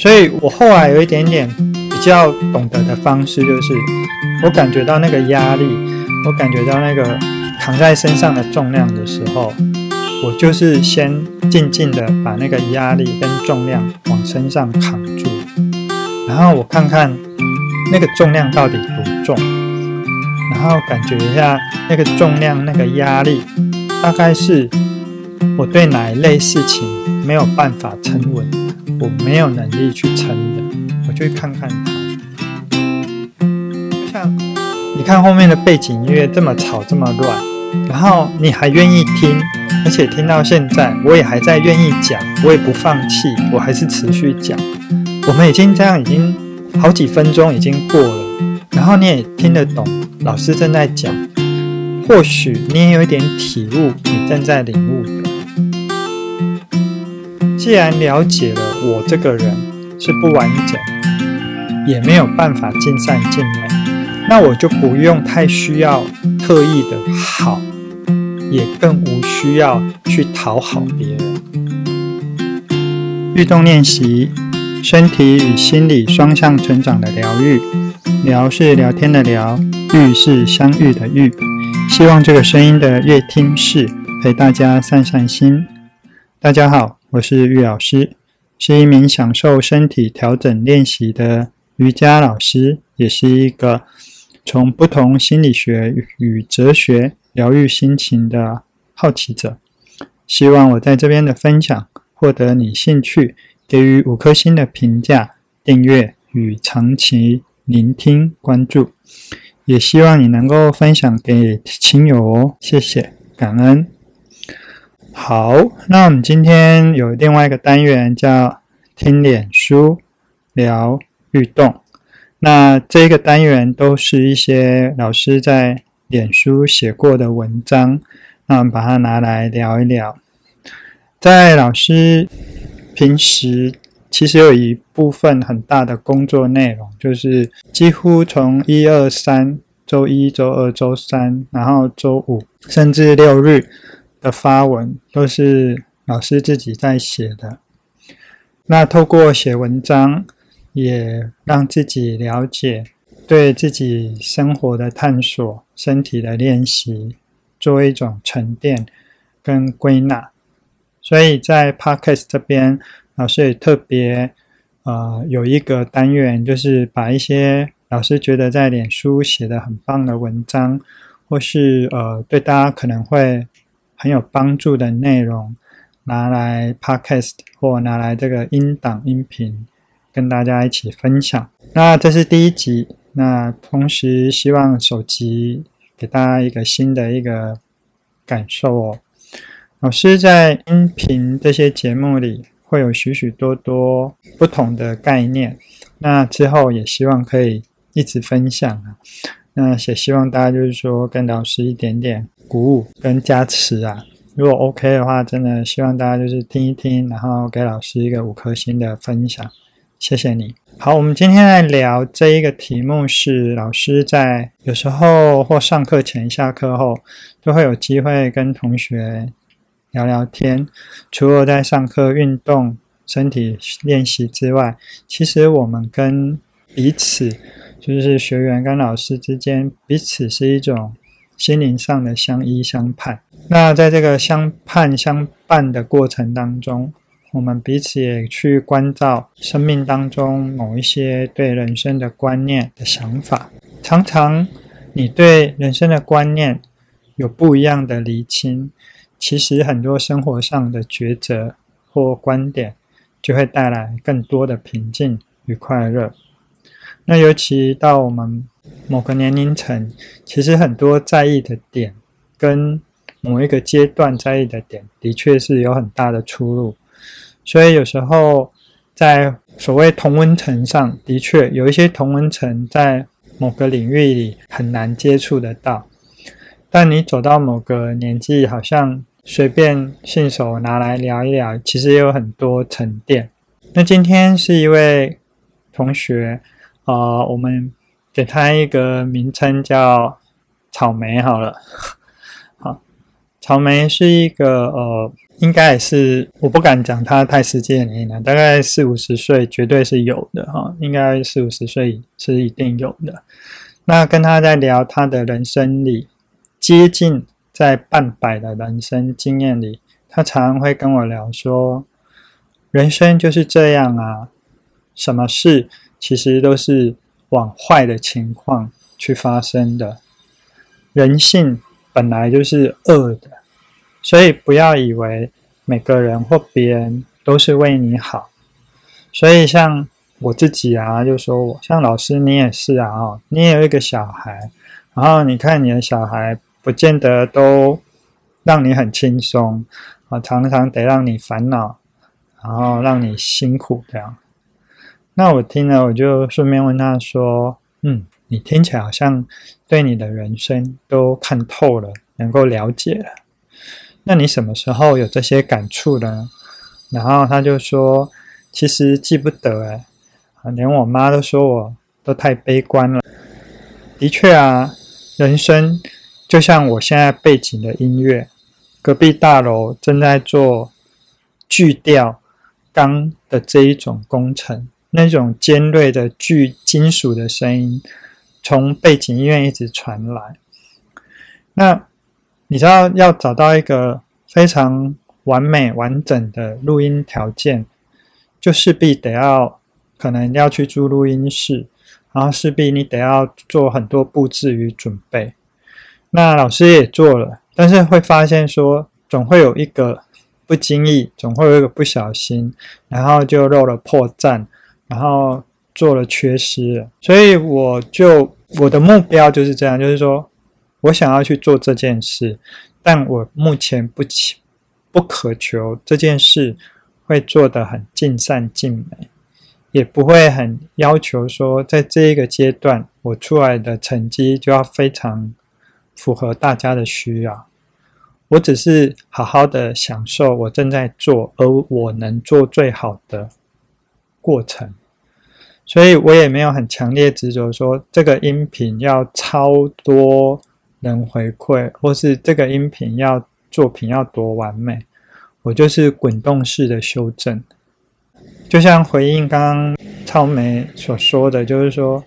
所以我後來有一點點比較懂得的方式，就是我感覺到那個壓力，我感覺到那個扛在身上的重量的時候，我就是先靜靜的把那個壓力跟重量往身上扛住，然後我看看那個重量到底多重，然後感覺一下那個重量那個壓力，大概是我對哪一類事情沒有辦法沉穩。我沒有能力去撐的，我去看看他。就像你看後面的背景音樂這麼吵這麼亂，然後你還願意聽，而且聽到現在，我也還在願意講，我也不放棄，我還是持續講。我們已經這樣已經好幾分鐘已經過了，然後你也聽得懂，老師正在講，或許你也有一點體悟，你正在領悟。既然了解了我這個人是不完整，也沒有辦法盡善盡美，那我就不用太需要特意的好，也更無需要去討好別人。遇動練習，身體與心理雙向成長的療癒。聊是聊天的聊，遇是相遇的遇。希望這個聲音的樂聽室陪大家散散心。大家好！我是玉老師，是一名享受身體調整練習的瑜伽老師，也是一個從不同心理學與哲學療癒心情的好奇者。希望我在這邊的分享獲得你興趣，給予五顆星的評價、訂閱與長期聆聽關注。也希望你能夠分享給親友哦，謝謝，感恩。好，那我們今天有另外一個單元叫“聽臉書聊遇動”。那這個單元都是一些老師在臉書寫過的文章，那我們把它拿來聊一聊。在老師平時，其實有一部分很大的工作內容，就是幾乎從一二三，周一、周二、周三，然後周五，甚至六日。的發文都是老師自己在寫的，那透過寫文章也讓自己了解，對自己生活的探索、身體的練習做一種沉澱跟歸納。所以在 Podcast 這邊，老師也特別呃有一個單元，就是把一些老師覺得在臉書寫得很棒的文章，或是呃對大家可能會。很有幫助的內容，拿來 podcast 或拿來這個音檔音頻，跟大家一起分享。那這是第一集，那同時希望首集給大家一個新的一個感受哦。老師在音頻這些節目裡會有許許多多不同的概念，那之後也希望可以一直分享啊。那也希望大家就是說跟老師一點點。鼓舞跟加持啊，如果 OK 的話，真的希望大家就是聽一聽，然後給老師一個五顆星的分享，謝謝你。好，我們今天來聊這一個題目是老師在有時候或上課前、下課後就會有機會跟同學聊聊天。除了在上課運動、身體練習之外，其實我們跟彼此，就是學員跟老師之間，彼此是一種。心靈上的相依相伴。那在這個相盼相伴的過程當中，我們彼此也去關照生命當中某一些對人生的觀念的想法。常常，你對人生的觀念有不一樣的釐清，其實很多生活上的抉擇或觀點，就會帶來更多的平靜與快樂。那尤其到我們。某個年齡層，其實很多在意的點，跟某一個階段在意的點，的確是有很大的出入。所以有時候在所謂同溫層上，的確有一些同溫層在某個領域裡很難接觸得到。但你走到某個年紀，好像隨便信手拿來聊一聊，其實也有很多沉澱。那今天是一位同學，啊、呃，我們。給他一個名稱叫草莓好了，好，草莓是一個呃，應該也是我不敢講他太實際年齡了，大概四五十歲絕對是有的哈、哦，應該四五十歲是一定有的。那跟他在聊他的人生裡，接近在半百的人生經驗裡，他常會跟我聊說，人生就是這樣啊，什麼事其實都是。往壞的情況去發生的，人性本來就是惡的，所以不要以為每個人或別人都是為你好。所以像我自己啊，就說我，像老師你也是啊，你也有一個小孩，然後你看你的小孩不見得都讓你很輕鬆啊，常常得讓你煩惱，然後讓你辛苦這樣。那我聽了，我就順便問他說：“嗯，你聽起來好像對你的人生都看透了，能夠了解了。那你什麼時候有這些感觸呢？”然後他就說：“其實記不得誒，連我媽都說我都太悲觀了。的確啊，人生就像我現在背景的音樂，隔壁大樓正在做鋸掉鋼的這一種工程。”那種尖銳的巨金屬的聲音，從背景音樂一直傳來。那你知道要找到一個非常完美完整的錄音條件，就勢必得要可能要去租錄音室，然後勢必你得要做很多布置與準備。那老師也做了，但是會發現說，總會有一個不經意，總會有一個不小心，然後就漏了破綻。然後做了缺失了，所以我就我的目標就是這樣，就是說我想要去做這件事，但我目前不不渴求這件事會做得很盡善盡美，也不會很要求說，在這一個階段我出來的成績就要非常符合大家的需要，我只是好好的享受我正在做，而我能做最好的過程。所以我也沒有很強烈執着說這個音頻要超多人回饋，或是這個音頻要作品要多完美，我就是滾動式的修正。就像回應剛剛超美所說的就是說，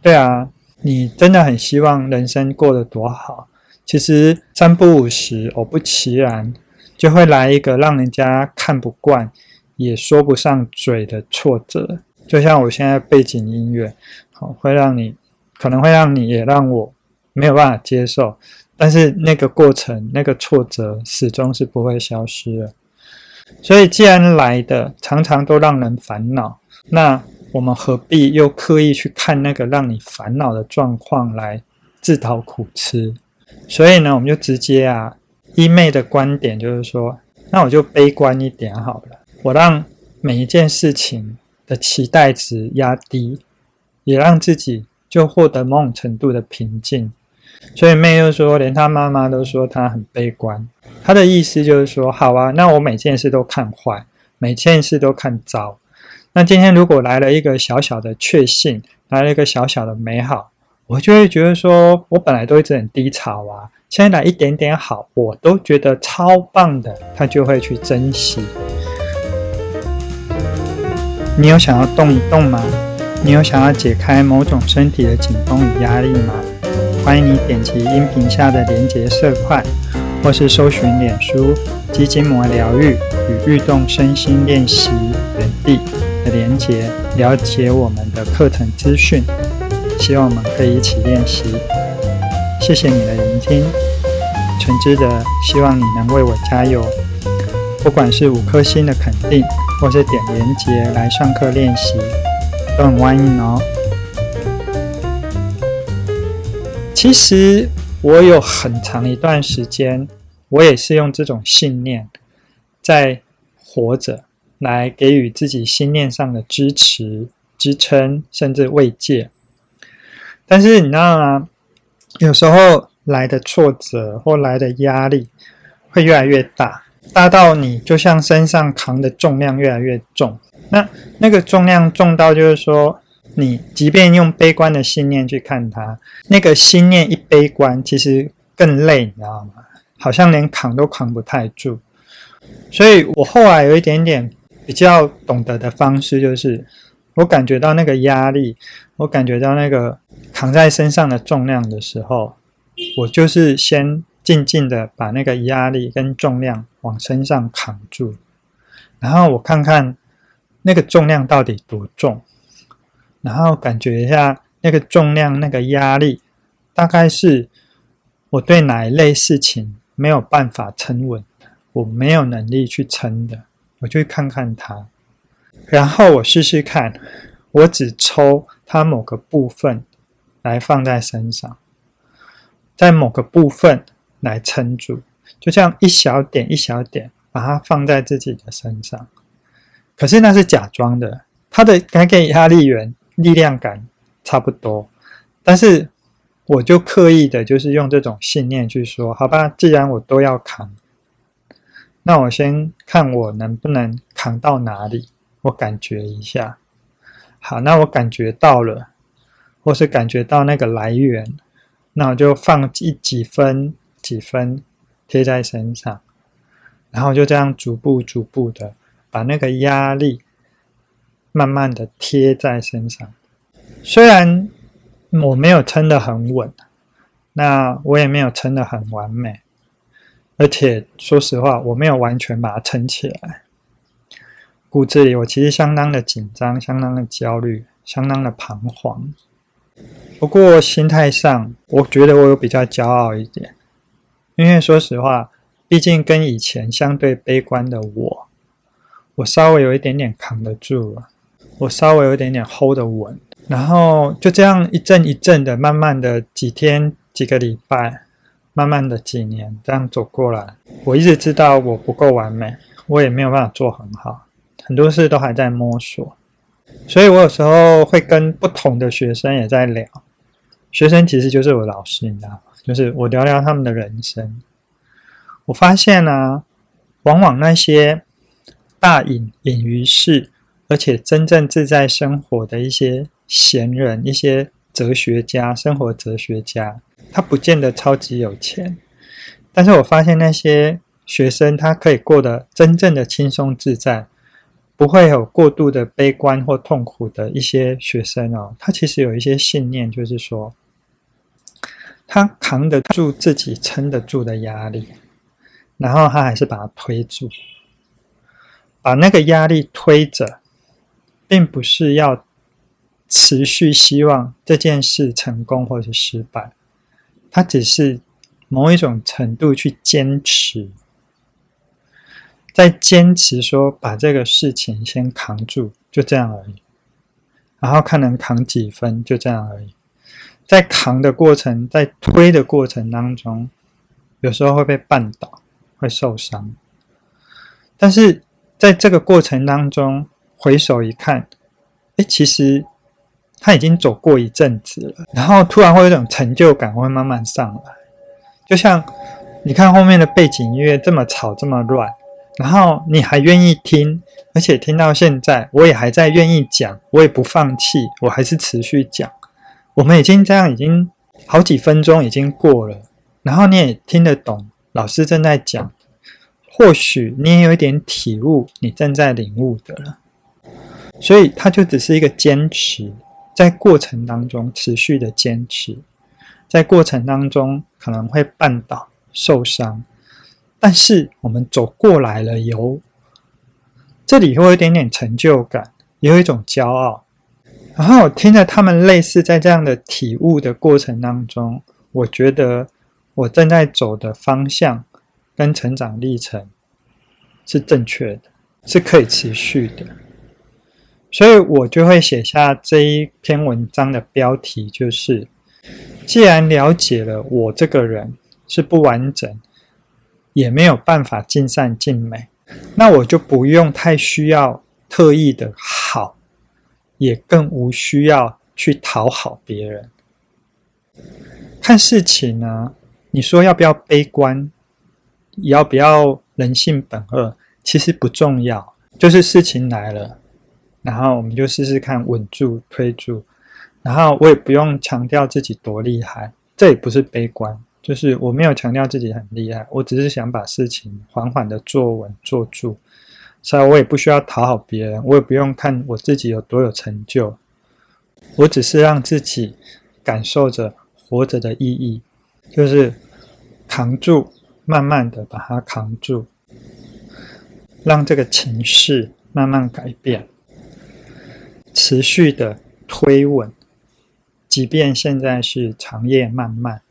對啊，你真的很希望人生過得多好，其實三不五時，偶、哦、不其然，就會來一個讓人家看不慣，也說不上嘴的挫折。就像我現在背景音樂，好會讓你，可能會讓你也讓我沒有辦法接受，但是那個過程、那個挫折始終是不會消失的。所以既然來的常常都讓人煩惱，那我們何必又刻意去看那個讓你煩惱的狀況來自討苦吃？所以呢，我們就直接啊，一昧的觀點就是說，那我就悲觀一點好了。我讓每一件事情。期待值壓低，也讓自己就獲得某種程度的平靜。所以妹又說，連她媽媽都說她很悲觀。她的意思就是說，好啊，那我每件事都看壞，每件事都看糟。那今天如果來了一個小小的確幸，來了一個小小的美好，我就會覺得說，我本來都一直很低潮啊，現在來一點點好，我都覺得超棒的，他就會去珍惜。你有想要動一動嗎？你有想要解開某種身體的緊繃與壓力嗎？歡迎你點擊音頻下的連結色塊，或是搜尋臉書“肌筋膜療癒與遇動身心練習”等地的連結，了解我們的課程資訊。希望我們可以一起練習。謝謝你的聆聽，誠摯的希望你能為我加油，不管是五顆星的肯定。或是點連接來上課練習，都很歡迎哦。其實我有很長一段時間，我也是用這種信念在活着，來給予自己信念上的支持、支撐，甚至慰藉。但是你知道嗎？有時候來的挫折或來的壓力會越來越大。大到你就像身上扛的重量越來越重，那那個重量重到就是說，你即便用悲觀的信念去看它，那個信念一悲觀，其實更累，你知道嗎？好像連扛都扛不太住。所以我後來有一點點比較懂得的方式，就是我感覺到那個壓力，我感覺到那個扛在身上的重量的時候，我就是先。靜靜的把那個壓力跟重量往身上扛住，然後我看看那個重量到底多重，然後感覺一下那個重量那個壓力，大概是我對哪一類事情沒有辦法撐穩，我沒有能力去撐的，我就去看看它，然後我試試看，我只抽它某個部分來放在身上，在某個部分，來撐住，就這樣一小點一小點，把它放在自己的身上。可是那是假裝的，它的那個壓力源，力量感差不多。但是我就刻意的，就是用這種信念去說：好吧，既然我都要扛，那我先看我能不能扛到哪裡，我感覺一下。好，那我感覺到了，或是感覺到那個來源，那我就放幾幾分。幾分貼在身上，然後就這樣逐步逐步的把那個壓力慢慢的貼在身上。雖然我沒有撐得很穩，那我也沒有撐得很完美，而且說實話，我沒有完全把它撐起來。骨子裡我其實相當的緊張，相當的焦慮，相當的彷徨。不過心態上，我覺得我有比較驕傲一點。因為說實話，畢竟跟以前相對悲觀的我，我稍微有一點點扛得住了，我稍微有一點點 hold 得穩，然後就這樣一陣一陣的，慢慢的幾天、幾個禮拜，慢慢的幾年這樣走過來。我一直知道我不夠完美，我也沒有辦法做很好，很多事都還在摸索。所以我有時候會跟不同的學生也在聊，學生其實就是我老師，你知道嗎？就是我聊聊他們的人生，我發現呢、啊，往往那些大隱隱於市，而且真正自在生活的一些閒人、一些哲學家、生活哲學家，他不見得超級有錢，但是我發現那些學生，他可以過得真正的輕鬆自在，不會有過度的悲觀或痛苦的一些學生哦，他其實有一些信念，就是說。他扛得住自己撐得住的壓力，然後他還是把它推住，把那個壓力推着，並不是要持續希望這件事成功或是失敗，他只是某一種程度去堅持，在堅持說把這個事情先扛住，就這樣而已，然後看能扛幾分，就這樣而已。在扛的過程，在推的過程當中，有時候會被絆倒，會受傷。但是在這個過程當中，回首一看，哎、欸，其實他已經走過一陣子了。然後突然會有一種成就感，會慢慢上來。就像你看後面的背景音樂這麼吵，這麼亂，然後你還願意聽，而且聽到現在，我也還在願意講，我也不放棄，我還是持續講。我們已經這樣，已經好幾分鐘已經過了，然後你也聽得懂老師正在講，或許你也有一點體悟，你正在領悟的了。所以它就只是一個堅持，在過程當中持續的堅持，在過程當中可能會絆倒、受傷，但是我們走過來了，有這裡會有一點點成就感，也有一種驕傲。然後我聽着他們類似在這樣的體悟的過程當中，我覺得我正在走的方向跟成長歷程是正確的，是可以持續的，所以我就會寫下這一篇文章的標題，就是既然了解了我這個人是不完整，也沒有辦法盡善盡美，那我就不用太需要特意的好。也更無需要去討好別人。看事情呢、啊，你說要不要悲觀，要不要人性本惡，其實不重要。就是事情來了，然後我們就試試看，穩住、推住。然後我也不用強調自己多厲害，這也不是悲觀，就是我沒有強調自己很厲害，我只是想把事情緩緩的做穩、做住。所以，我也不需要討好別人，我也不用看我自己有多有成就。我只是讓自己感受着活着的意義，就是扛住，慢慢的把它扛住，讓這個情緒慢慢改變，持續的推穩。即便現在是長夜漫漫，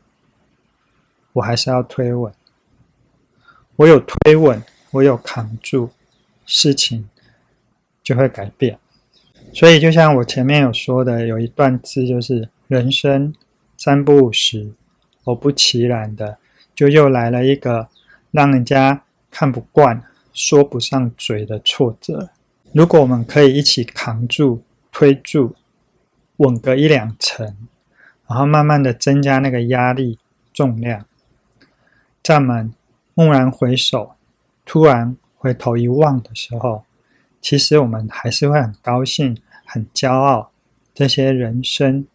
我還是要推穩。我有推穩，我有扛住。事情就會改變，所以就像我前面有說的，有一段字就是“人生三不五時，果不其然的就又來了一個讓人家看不慣、說不上嘴的挫折。如果我們可以一起扛住、推住、穩個一兩層，然後慢慢的增加那個壓力重量，站滿，驀然回首，突然。”回頭一望的時候，其實我們還是會很高興、很驕傲這些人生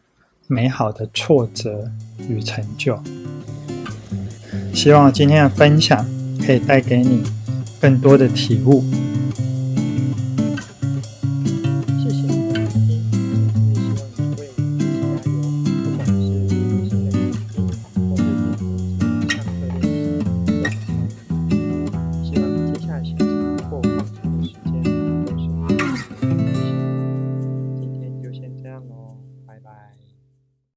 美好的挫折與成就。希望今天的分享可以帶給你更多的體悟。